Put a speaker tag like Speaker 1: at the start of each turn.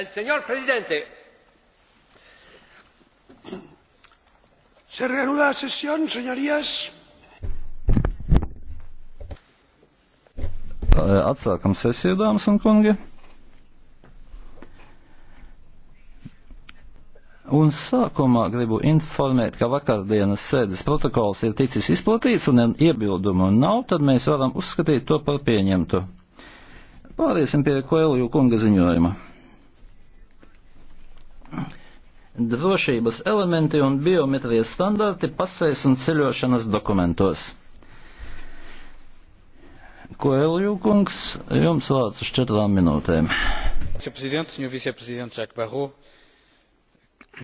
Speaker 1: El señor presidente.
Speaker 2: Se reanuda la sesión, señorías.
Speaker 3: Atsākam sesiju, dāmas un kungi. Un sākumā gribu informēt, ka vakardienas sēdes protokols ir ticis izplatīts un iebildumu nav, tad mēs varam uzskatīt to par pieņemtu. Pāriesim pie Koelju kunga ziņojuma. drošības elementi un biometrijas standarti pasēs un ceļošanas dokumentos. Koelju kungs, jums vārds uz četrām minūtēm.